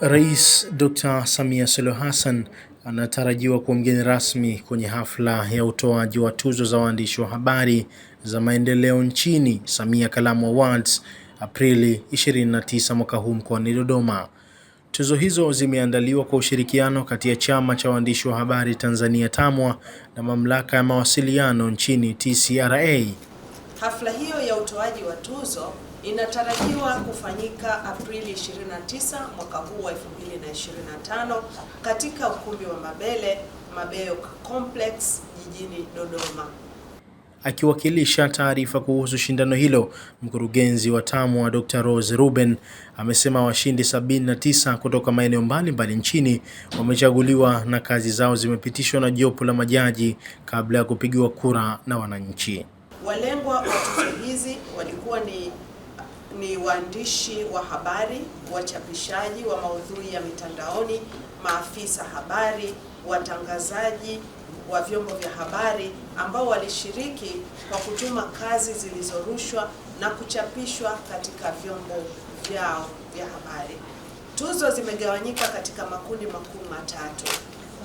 Rais Dr. Samia Suluhu Hassan anatarajiwa kuwa mgeni rasmi kwenye hafla ya utoaji wa tuzo za waandishi wa habari za maendeleo nchini, Samia Kalamu Awards, Aprili 29 mwaka huu mkoani Dodoma. Tuzo hizo zimeandaliwa kwa ushirikiano kati ya Chama cha Waandishi wa Habari Tanzania TAMWA na Mamlaka ya Mawasiliano nchini TCRA. Hafla hiyo ya utoaji wa tuzo inatarajiwa kufanyika Aprili 29 mwaka huu wa 2025 katika ukumbi wa Mabele mabeo Complex jijini Dodoma. Akiwakilisha taarifa kuhusu shindano hilo, mkurugenzi wa TAMWA Dr. Rose Ruben amesema washindi 79 kutoka maeneo mbalimbali nchini wamechaguliwa na kazi zao zimepitishwa na jopo la majaji kabla ya kupigiwa kura na wananchi. Walengwa wa tuzo hizi walikuwa ni ni waandishi wa habari, wachapishaji wa maudhui ya mitandaoni, maafisa habari, watangazaji wa vyombo vya habari ambao walishiriki kwa kutuma kazi zilizorushwa na kuchapishwa katika vyombo vyao vya habari. Tuzo zimegawanyika katika makundi makuu matatu.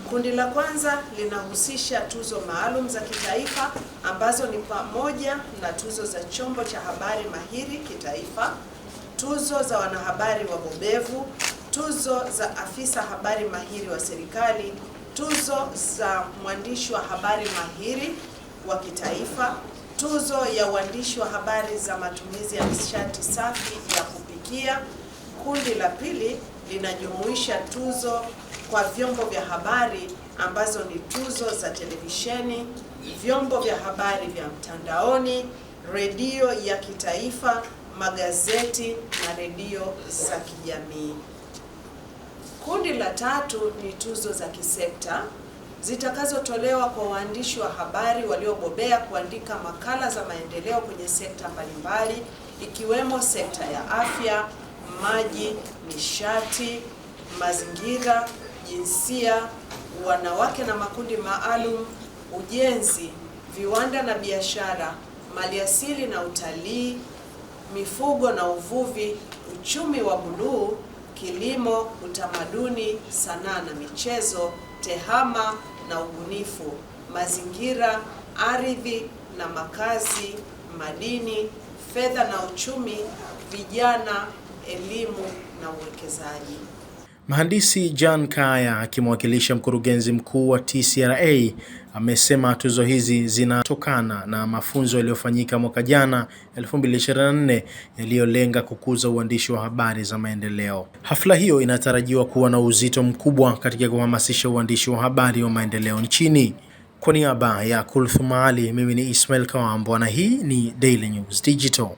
Kundi la kwanza linahusisha tuzo maalum za kitaifa ambazo ni pamoja na tuzo za chombo cha habari mahiri kitaifa, tuzo za wanahabari wabobevu, tuzo za afisa habari mahiri wa serikali, tuzo za mwandishi wa habari mahiri wa kitaifa, tuzo ya uandishi wa habari za matumizi ya nishati safi ya kupikia. Kundi la pili linajumuisha tuzo kwa vyombo vya habari ambazo ni tuzo za televisheni, vyombo vya habari vya mtandaoni, redio ya kitaifa, magazeti na redio za kijamii. Kundi la tatu ni tuzo za kisekta zitakazotolewa kwa waandishi wa habari waliobobea kuandika makala za maendeleo kwenye sekta mbalimbali ikiwemo sekta ya afya, maji, nishati, mazingira jinsia, wanawake na makundi maalum, ujenzi, viwanda na biashara, maliasili na utalii, mifugo na uvuvi, uchumi wa buluu, kilimo, utamaduni, sanaa na michezo, tehama na ubunifu, mazingira, ardhi na makazi, madini, fedha na uchumi, vijana, elimu na uwekezaji. Mhandisi John Kaya akimwakilisha mkurugenzi mkuu wa TCRA amesema tuzo hizi zinatokana na mafunzo yaliyofanyika mwaka jana 2024 yaliyolenga kukuza uandishi wa habari za maendeleo. Hafla hiyo inatarajiwa kuwa na uzito mkubwa katika kuhamasisha uandishi wa habari wa maendeleo nchini. Kwa niaba ya Kulthum Ali, mimi ni Ismail Kawambwa na hii ni Daily News Digital.